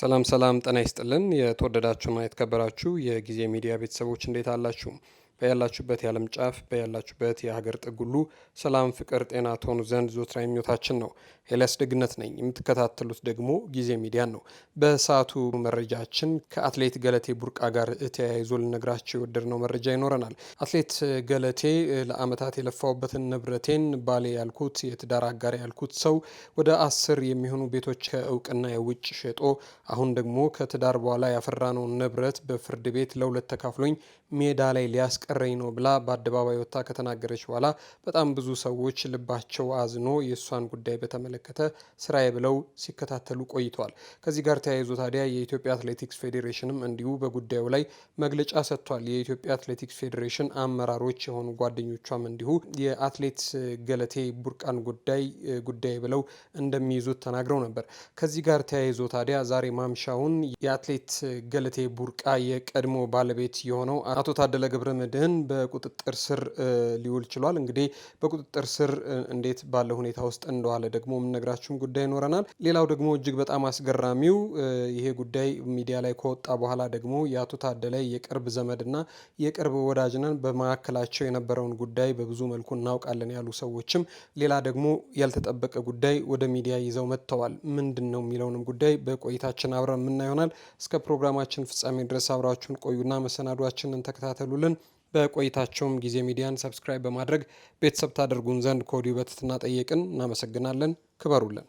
ሰላም ሰላም፣ ጤና ይስጥልን የተወደዳችሁና የተከበራችሁ የጊዜ ሚዲያ ቤተሰቦች እንዴት አላችሁ? በያላችሁበት የዓለም ጫፍ በያላችሁበት የሀገር ጥግ ሁሉ ሰላም፣ ፍቅር፣ ጤና ትሆኑ ዘንድ ዞትራ ምኞታችን ነው። ኤልያስ ደግነት ነኝ። የምትከታተሉት ደግሞ ጊዜ ሚዲያን ነው። በሰዓቱ መረጃችን ከአትሌት ገለቴ ቡርቃ ጋር ተያይዞ ልነግራቸው የወደድነው መረጃ ይኖረናል። አትሌት ገለቴ ለአመታት የለፋውበትን ንብረቴን ባሌ ያልኩት የትዳር አጋር ያልኩት ሰው ወደ አስር የሚሆኑ ቤቶች ከእውቅና የውጭ ሸጦ አሁን ደግሞ ከትዳር በኋላ ያፈራነውን ንብረት በፍርድ ቤት ለሁለት ተካፍሎኝ ሜዳ ላይ ሊያስቀ እያስቀረኝ ነው ብላ በአደባባይ ወጥታ ከተናገረች በኋላ በጣም ብዙ ሰዎች ልባቸው አዝኖ የእሷን ጉዳይ በተመለከተ ስራዬ ብለው ሲከታተሉ ቆይተዋል። ከዚህ ጋር ተያይዞ ታዲያ የኢትዮጵያ አትሌቲክስ ፌዴሬሽንም እንዲሁ በጉዳዩ ላይ መግለጫ ሰጥቷል። የኢትዮጵያ አትሌቲክስ ፌዴሬሽን አመራሮች የሆኑ ጓደኞቿም እንዲሁ የአትሌት ገለቴ ቡርቃን ጉዳይ ጉዳይ ብለው እንደሚይዙት ተናግረው ነበር። ከዚህ ጋር ተያይዞ ታዲያ ዛሬ ማምሻውን የአትሌት ገለቴ ቡርቃ የቀድሞ ባለቤት የሆነው አቶ ታደለ ገብረ መድህን ንግድህን በቁጥጥር ስር ሊውል ችሏል። እንግዲህ በቁጥጥር ስር እንዴት ባለ ሁኔታ ውስጥ እንደዋለ ደግሞ የምነግራችሁም ጉዳይ ይኖረናል። ሌላው ደግሞ እጅግ በጣም አስገራሚው ይሄ ጉዳይ ሚዲያ ላይ ከወጣ በኋላ ደግሞ የአቶ ታደለ የቅርብ ዘመድና የቅርብ ወዳጅነን ነን በመካከላቸው የነበረውን ጉዳይ በብዙ መልኩ እናውቃለን ያሉ ሰዎችም ሌላ ደግሞ ያልተጠበቀ ጉዳይ ወደ ሚዲያ ይዘው መጥተዋል። ምንድን ነው የሚለውንም ጉዳይ በቆይታችን አብረን የምናይሆናል። እስከ ፕሮግራማችን ፍጻሜ ድረስ አብራችሁን ቆዩና መሰናዷችንን ተከታተሉልን። በቆይታቸውም ጊዜ ሚዲያን ሰብስክራይብ በማድረግ ቤተሰብ ታደርጉን ዘንድ ከወዲሁ በትህትና ጠየቅን። እናመሰግናለን። ክበሩልን።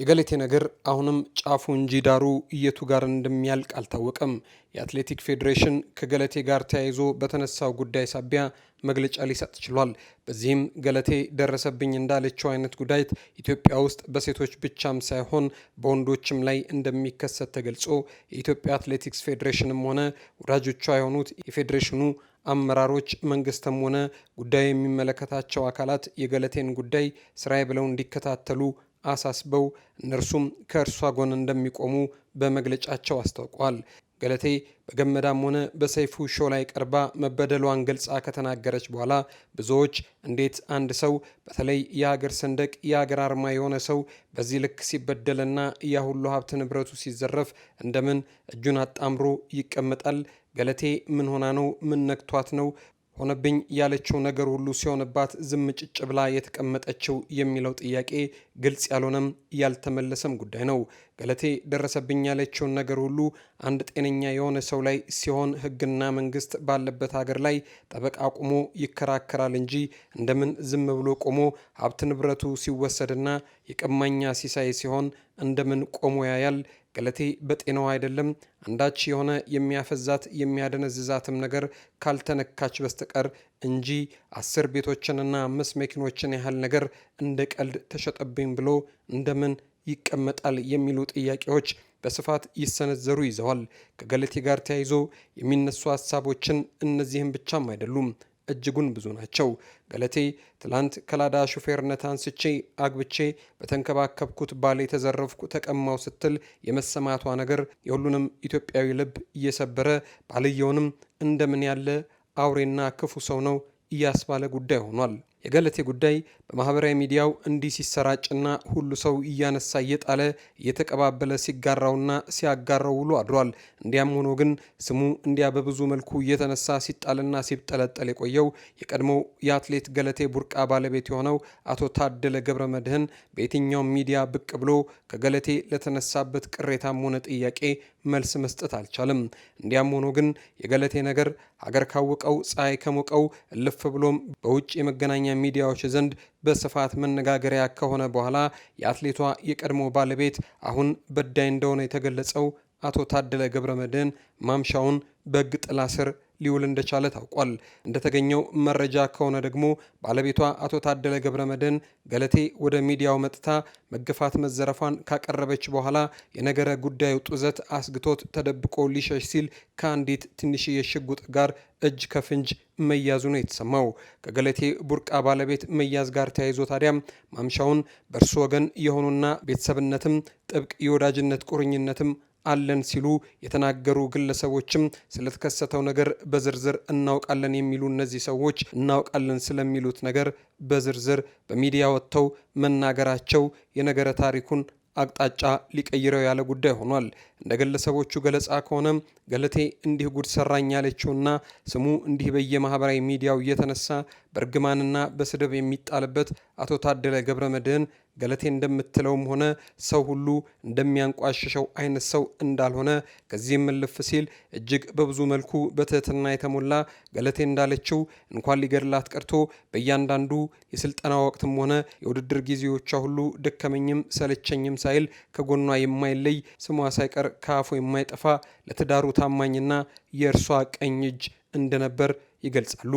የገሌቴ ነገር አሁንም ጫፉ እንጂ ዳሩ እየቱ ጋር እንደሚያልቅ አልታወቀም። የአትሌቲክ ፌዴሬሽን ከገለቴ ጋር ተያይዞ በተነሳው ጉዳይ ሳቢያ መግለጫ ሊሰጥ ችሏል። በዚህም ገለቴ ደረሰብኝ እንዳለችው አይነት ጉዳት ኢትዮጵያ ውስጥ በሴቶች ብቻም ሳይሆን በወንዶችም ላይ እንደሚከሰት ተገልጾ የኢትዮጵያ አትሌቲክስ ፌዴሬሽንም ሆነ ወዳጆቿ የሆኑት የፌዴሬሽኑ አመራሮች መንግስትም ሆነ ጉዳዩ የሚመለከታቸው አካላት የገለቴን ጉዳይ ስራዬ ብለው እንዲከታተሉ አሳስበው እነርሱም ከእርሷ ጎን እንደሚቆሙ በመግለጫቸው አስታውቋል። ገለቴ በገመዳም ሆነ በሰይፉ ሾ ላይ ቀርባ መበደሏን ገልጻ ከተናገረች በኋላ ብዙዎች እንዴት አንድ ሰው በተለይ የሀገር ሰንደቅ የሀገር አርማ የሆነ ሰው በዚህ ልክ ሲበደልና ያ ሁሉ ሀብት ንብረቱ ሲዘረፍ እንደምን እጁን አጣምሮ ይቀመጣል? ገለቴ ምን ሆና ነው? ምን ነክቷት ነው? ሆነብኝ ያለችው ነገር ሁሉ ሲሆንባት ዝም ጭጭ ብላ የተቀመጠችው የሚለው ጥያቄ ግልጽ ያልሆነም ያልተመለሰም ጉዳይ ነው። ገለቴ ደረሰብኝ ያለችውን ነገር ሁሉ አንድ ጤነኛ የሆነ ሰው ላይ ሲሆን ሕግና መንግስት ባለበት ሀገር ላይ ጠበቃ ቆሞ ይከራከራል እንጂ እንደምን ዝም ብሎ ቆሞ ሀብት ንብረቱ ሲወሰድና የቀማኛ ሲሳይ ሲሆን እንደምን ቆሞ ያያል? ገለቴ በጤናዋ አይደለም አንዳች የሆነ የሚያፈዛት የሚያደነዝዛትም ነገር ካልተነካች በስተቀር እንጂ አስር ቤቶችንና አምስት መኪኖችን ያህል ነገር እንደ ቀልድ ተሸጠብኝ ብሎ እንደምን ይቀመጣል የሚሉ ጥያቄዎች በስፋት ይሰነዘሩ ይዘዋል። ከገለቴ ጋር ተያይዞ የሚነሱ ሀሳቦችን እነዚህም ብቻም አይደሉም። እጅጉን ብዙ ናቸው። ገለቴ ትላንት ከላዳ ሹፌርነት አንስቼ አግብቼ በተንከባከብኩት ባሌ ተዘረፍኩ ተቀማው ስትል የመሰማቷ ነገር የሁሉንም ኢትዮጵያዊ ልብ እየሰበረ ባልየውንም እንደምን ያለ አውሬና ክፉ ሰው ነው እያስባለ ጉዳይ ሆኗል። የገለቴ ጉዳይ በማህበራዊ ሚዲያው እንዲህ ሲሰራጭና ሁሉ ሰው እያነሳ እየጣለ እየተቀባበለ ሲጋራውና ሲያጋራው ውሎ አድሯል። እንዲያም ሆኖ ግን ስሙ እንዲያ በብዙ መልኩ እየተነሳ ሲጣልና ሲጠለጠል የቆየው የቀድሞው የአትሌት ገለቴ ቡርቃ ባለቤት የሆነው አቶ ታደለ ገብረ መድህን በየትኛውም ሚዲያ ብቅ ብሎ ከገለቴ ለተነሳበት ቅሬታም ሆነ ጥያቄ መልስ መስጠት አልቻለም። እንዲያም ሆኖ ግን የገለቴ ነገር ሀገር ካወቀው ፀሐይ ከሞቀው እልፍ ብሎም በውጭ የመገናኛ ሚዲያዎች ዘንድ በስፋት መነጋገሪያ ከሆነ በኋላ የአትሌቷ የቀድሞ ባለቤት አሁን በዳይ እንደሆነ የተገለጸው አቶ ታደለ ገብረ መድህን ማምሻውን በሕግ ጥላ ስር ሊውል እንደቻለ ታውቋል። እንደተገኘው መረጃ ከሆነ ደግሞ ባለቤቷ አቶ ታደለ ገብረ መድህን ገለቴ ወደ ሚዲያው መጥታ መገፋት መዘረፏን ካቀረበች በኋላ የነገረ ጉዳዩ ጡዘት አስግቶት ተደብቆ ሊሸሽ ሲል ከአንዲት ትንሽዬ ሽጉጥ ጋር እጅ ከፍንጅ መያዙ ነው የተሰማው። ከገለቴ ቡርቃ ባለቤት መያዝ ጋር ተያይዞ ታዲያም ማምሻውን በእርሱ ወገን የሆኑና ቤተሰብነትም ጥብቅ የወዳጅነት ቁርኝነትም አለን ሲሉ የተናገሩ ግለሰቦችም ስለተከሰተው ነገር በዝርዝር እናውቃለን የሚሉ እነዚህ ሰዎች እናውቃለን ስለሚሉት ነገር በዝርዝር በሚዲያ ወጥተው መናገራቸው የነገረ ታሪኩን አቅጣጫ ሊቀይረው ያለ ጉዳይ ሆኗል። እንደ ግለሰቦቹ ገለጻ ከሆነ ገለቴ እንዲህ ጉድ ሰራኝ ያለችውና ስሙ እንዲህ በየማህበራዊ ሚዲያው እየተነሳ በእርግማንና በስድብ የሚጣልበት አቶ ታደለ ገብረ መድህን ገለቴ እንደምትለውም ሆነ ሰው ሁሉ እንደሚያንቋሽሸው አይነት ሰው እንዳልሆነ ከዚህም እልፍ ሲል እጅግ በብዙ መልኩ በትህትና የተሞላ ገለቴ እንዳለችው እንኳን ሊገድላት ቀርቶ በእያንዳንዱ የስልጠና ወቅትም ሆነ የውድድር ጊዜዎቿ ሁሉ ደከመኝም ሰለቸኝም ሳይል ከጎኗ የማይለይ ስሟ ሳይቀር ከአፉ የማይጠፋ ለትዳሩ ታማኝና የእርሷ ቀኝ እጅ እንደነበር ይገልጻሉ።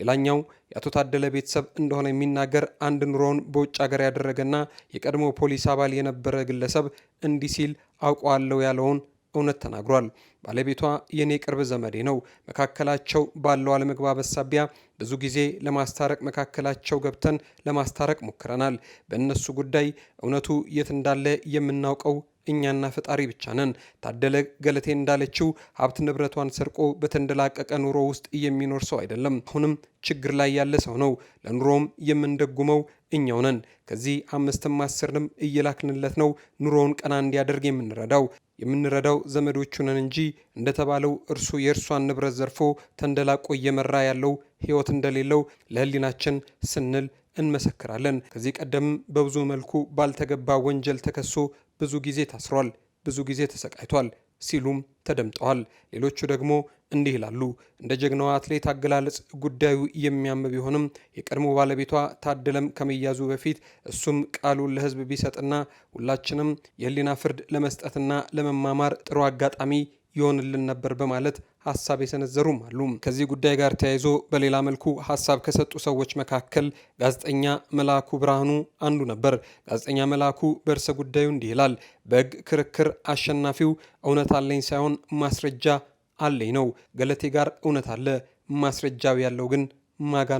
ሌላኛው የአቶ ታደለ ቤተሰብ እንደሆነ የሚናገር አንድ ኑሮውን በውጭ ሀገር ያደረገና የቀድሞ ፖሊስ አባል የነበረ ግለሰብ እንዲህ ሲል አውቀዋለሁ ያለውን እውነት ተናግሯል። ባለቤቷ የእኔ ቅርብ ዘመዴ ነው። መካከላቸው ባለው አለመግባባት ሳቢያ ብዙ ጊዜ ለማስታረቅ መካከላቸው ገብተን ለማስታረቅ ሞክረናል። በእነሱ ጉዳይ እውነቱ የት እንዳለ የምናውቀው እኛና ፈጣሪ ብቻ ነን። ታደለ ገለቴ እንዳለችው ሀብት ንብረቷን ሰርቆ በተንደላቀቀ ኑሮ ውስጥ የሚኖር ሰው አይደለም። አሁንም ችግር ላይ ያለ ሰው ነው። ለኑሮም የምንደጉመው እኛው ነን። ከዚህ አምስትም አስርንም እየላክንለት ነው ኑሮውን ቀና እንዲያደርግ የምንረዳው የምንረዳው ዘመዶቹ ነን እንጂ እንደተባለው እርሱ የእርሷን ንብረት ዘርፎ ተንደላቆ እየመራ ያለው ህይወት እንደሌለው ለህሊናችን ስንል እንመሰክራለን። ከዚህ ቀደም በብዙ መልኩ ባልተገባ ወንጀል ተከሶ ብዙ ጊዜ ታስሯል፣ ብዙ ጊዜ ተሰቃይቷል ሲሉም ተደምጠዋል። ሌሎቹ ደግሞ እንዲህ ይላሉ። እንደ ጀግናዋ አትሌት አገላለጽ ጉዳዩ የሚያም ቢሆንም የቀድሞ ባለቤቷ ታደለም ከመያዙ በፊት እሱም ቃሉን ለህዝብ ቢሰጥና ሁላችንም የህሊና ፍርድ ለመስጠትና ለመማማር ጥሩ አጋጣሚ ይሆንልን ነበር በማለት ሀሳብ የሰነዘሩም አሉ። ከዚህ ጉዳይ ጋር ተያይዞ በሌላ መልኩ ሀሳብ ከሰጡ ሰዎች መካከል ጋዜጠኛ መላኩ ብርሃኑ አንዱ ነበር። ጋዜጠኛ መላኩ በእርሰ ጉዳዩ እንዲህ ይላል። በሕግ ክርክር አሸናፊው እውነት አለኝ ሳይሆን ማስረጃ አለኝ ነው። ገለቴ ጋር እውነት አለ፣ ማስረጃው ያለው ግን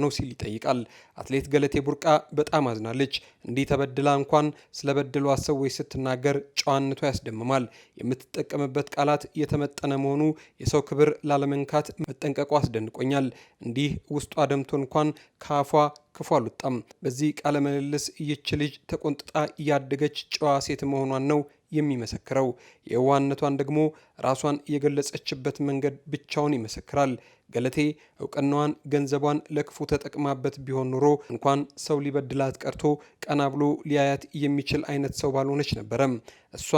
ነው ሲል ይጠይቃል። አትሌት ገለቴ ቡርቃ በጣም አዝናለች። እንዲህ ተበድላ እንኳን ስለበደሏት ሰዎች ስትናገር ጨዋነቷ ያስደምማል። የምትጠቀምበት ቃላት የተመጠነ መሆኑ የሰው ክብር ላለመንካት መጠንቀቋ አስደንቆኛል። እንዲህ ውስጧ ደምቶ እንኳን ከአፏ ክፉ አልወጣም። በዚህ ቃለ ምልልስ ይህች ልጅ ተቆንጥጣ እያደገች ጨዋ ሴት መሆኗን ነው የሚመሰክረው። የዋነቷን ደግሞ ራሷን የገለጸችበት መንገድ ብቻውን ይመሰክራል። ገለቴ እውቅናዋን ገንዘቧን ለክፉ ተጠቅማበት ቢሆን ኑሮ እንኳን ሰው ሊበድላት ቀርቶ ቀና ብሎ ሊያያት የሚችል አይነት ሰው ባልሆነች ነበረም። እሷ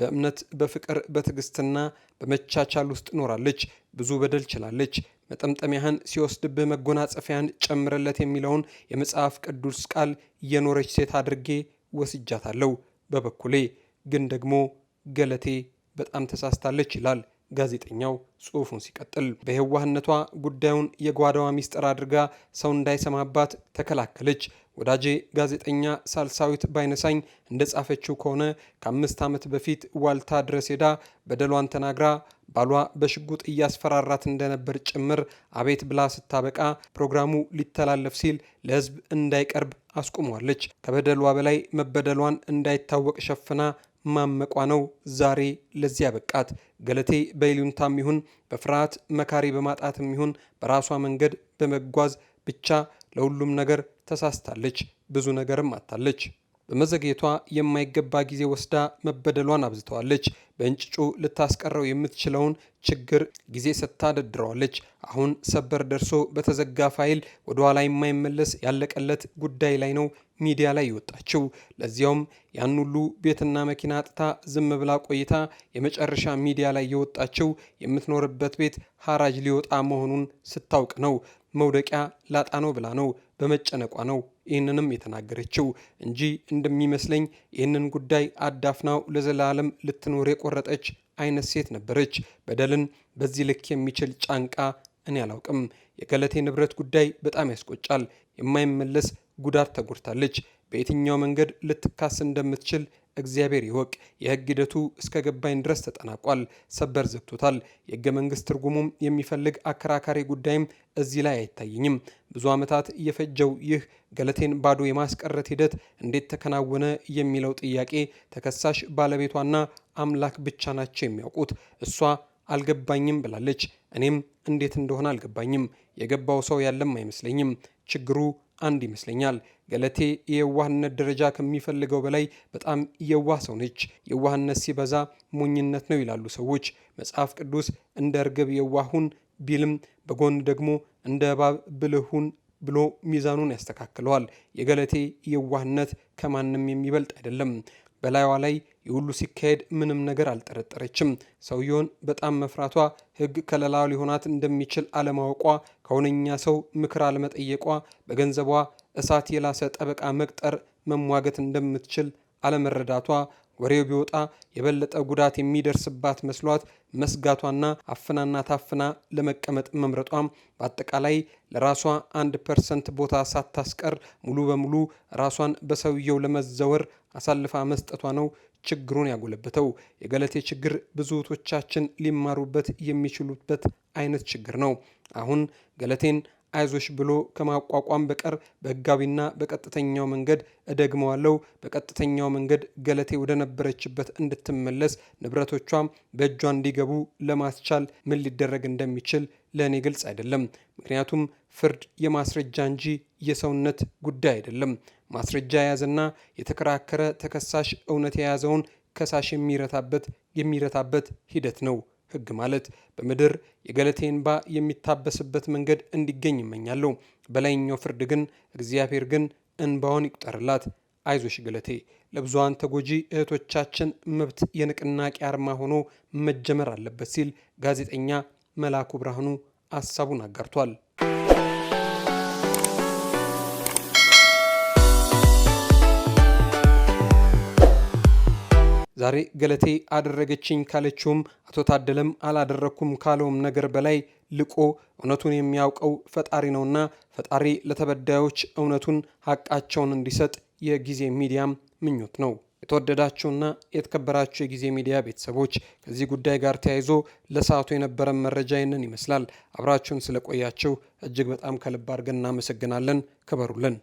በእምነት በፍቅር በትዕግስትና በመቻቻል ውስጥ ኖራለች። ብዙ በደል ችላለች። መጠምጠሚያህን ሲወስድብህ መጎናጸፊያን ጨምረለት የሚለውን የመጽሐፍ ቅዱስ ቃል የኖረች ሴት አድርጌ ወስጃታለሁ። በበኩሌ ግን ደግሞ ገለቴ በጣም ተሳስታለች ይላል ጋዜጠኛው ጽሑፉን ሲቀጥል በየዋህነቷ ጉዳዩን የጓዳዋ ሚስጥር አድርጋ ሰው እንዳይሰማባት ተከላከለች። ወዳጄ ጋዜጠኛ ሳልሳዊት ባይነሳኝ እንደ ጻፈችው ከሆነ ከአምስት ዓመት በፊት ዋልታ ድረስ ሄዳ በደሏን ተናግራ ባሏ በሽጉጥ እያስፈራራት እንደነበር ጭምር አቤት ብላ ስታበቃ ፕሮግራሙ ሊተላለፍ ሲል ለሕዝብ እንዳይቀርብ አስቁሟለች። ከበደሏ በላይ መበደሏን እንዳይታወቅ ሸፍና ማመቋ ነው ዛሬ ለዚያ በቃት። ገለቴ በይሉኝታም ይሁን በፍርሃት መካሪ በማጣትም ይሁን በራሷ መንገድ በመጓዝ ብቻ ለሁሉም ነገር ተሳስታለች፣ ብዙ ነገርም አታለች። በመዘግየቷ የማይገባ ጊዜ ወስዳ መበደሏን አብዝተዋለች። በእንጭጩ ልታስቀረው የምትችለውን ችግር ጊዜ ሰጥታ ደድረዋለች። አሁን ሰበር ደርሶ በተዘጋ ፋይል ወደኋላ የማይመለስ ያለቀለት ጉዳይ ላይ ነው ሚዲያ ላይ የወጣችው። ለዚያውም ያን ሁሉ ቤትና መኪና አጥታ ዝም ብላ ቆይታ የመጨረሻ ሚዲያ ላይ የወጣችው የምትኖርበት ቤት ሐራጅ ሊወጣ መሆኑን ስታውቅ ነው። መውደቂያ ላጣ ነው ብላ ነው፣ በመጨነቋ ነው ይህንንም የተናገረችው እንጂ እንደሚመስለኝ ይህንን ጉዳይ አዳፍናው ለዘላለም ልትኖር የቆረጠች አይነት ሴት ነበረች። በደልን በዚህ ልክ የሚችል ጫንቃ እኔ አላውቅም። የገለቴ ንብረት ጉዳይ በጣም ያስቆጫል። የማይመለስ ጉዳት ተጎድታለች። በየትኛው መንገድ ልትካስ እንደምትችል እግዚአብሔር ይወቅ። የህግ ሂደቱ እስከ ገባኝ ድረስ ተጠናቋል። ሰበር ዘግቶታል። የህገ መንግስት ትርጉሙም የሚፈልግ አከራካሪ ጉዳይም እዚህ ላይ አይታየኝም። ብዙ ዓመታት የፈጀው ይህ ገለቴን ባዶ የማስቀረት ሂደት እንዴት ተከናወነ የሚለው ጥያቄ ተከሳሽ ባለቤቷና አምላክ ብቻ ናቸው የሚያውቁት። እሷ አልገባኝም ብላለች። እኔም እንዴት እንደሆነ አልገባኝም። የገባው ሰው ያለም አይመስለኝም። ችግሩ አንድ ይመስለኛል። ገለቴ የየዋህነት ደረጃ ከሚፈልገው በላይ በጣም የዋህ ሰው ነች። የዋህነት ሲበዛ ሞኝነት ነው ይላሉ ሰዎች። መጽሐፍ ቅዱስ እንደ እርግብ የዋሁን ቢልም በጎን ደግሞ እንደ እባብ ብልሁን ብሎ ሚዛኑን ያስተካክለዋል። የገለቴ የዋህነት ከማንም የሚበልጥ አይደለም። በላይዋ ላይ የሁሉ ሲካሄድ ምንም ነገር አልጠረጠረችም። ሰውየውን በጣም መፍራቷ፣ ህግ ከለላ ሊሆናት እንደሚችል አለማወቋ፣ ከሁነኛ ሰው ምክር አለመጠየቋ፣ በገንዘቧ እሳት የላሰ ጠበቃ መቅጠር መሟገት እንደምትችል አለመረዳቷ ወሬው ቢወጣ የበለጠ ጉዳት የሚደርስባት መስሏት መስጋቷና አፍናና ታፍና ለመቀመጥ መምረጧም በአጠቃላይ ለራሷ አንድ ፐርሰንት ቦታ ሳታስቀር ሙሉ በሙሉ ራሷን በሰውየው ለመዘወር አሳልፋ መስጠቷ ነው ችግሩን ያጎለበተው። የገለቴ ችግር ብዙ ሊማሩበት የሚችሉበት አይነት ችግር ነው። አሁን ገለቴን አይዞሽ ብሎ ከማቋቋም በቀር በህጋዊና በቀጥተኛው መንገድ እደግመዋለው በቀጥተኛው መንገድ ገለቴ ወደ ነበረችበት እንድትመለስ ንብረቶቿም በእጇ እንዲገቡ ለማስቻል ምን ሊደረግ እንደሚችል ለእኔ ግልጽ አይደለም። ምክንያቱም ፍርድ የማስረጃ እንጂ የሰውነት ጉዳይ አይደለም። ማስረጃ የያዘና የተከራከረ ተከሳሽ እውነት የያዘውን ከሳሽ የሚረታበት የሚረታበት ሂደት ነው። ህግ ማለት በምድር የገለቴ እንባ የሚታበስበት መንገድ እንዲገኝ ይመኛለሁ። በላይኛው ፍርድ ግን እግዚአብሔር ግን እንባውን ይቁጠርላት። አይዞሽ ገለቴ ለብዙሃን ተጎጂ እህቶቻችን መብት የንቅናቄ አርማ ሆኖ መጀመር አለበት ሲል ጋዜጠኛ መላኩ ብርሃኑ ሀሳቡን አጋርቷል። ዛሬ ገለቴ አደረገችኝ ካለችውም አቶ ታደለም አላደረግኩም ካለውም ነገር በላይ ልቆ እውነቱን የሚያውቀው ፈጣሪ ነውና ፈጣሪ ለተበዳዮች እውነቱን ሀቃቸውን እንዲሰጥ የጊዜ ሚዲያም ምኞት ነው። የተወደዳችሁና የተከበራችሁ የጊዜ ሚዲያ ቤተሰቦች ከዚህ ጉዳይ ጋር ተያይዞ ለሰዓቱ የነበረን መረጃ ይንን ይመስላል። አብራችሁን ስለቆያችሁ እጅግ በጣም ከልብ አድርገን እናመሰግናለን። ክበሩልን።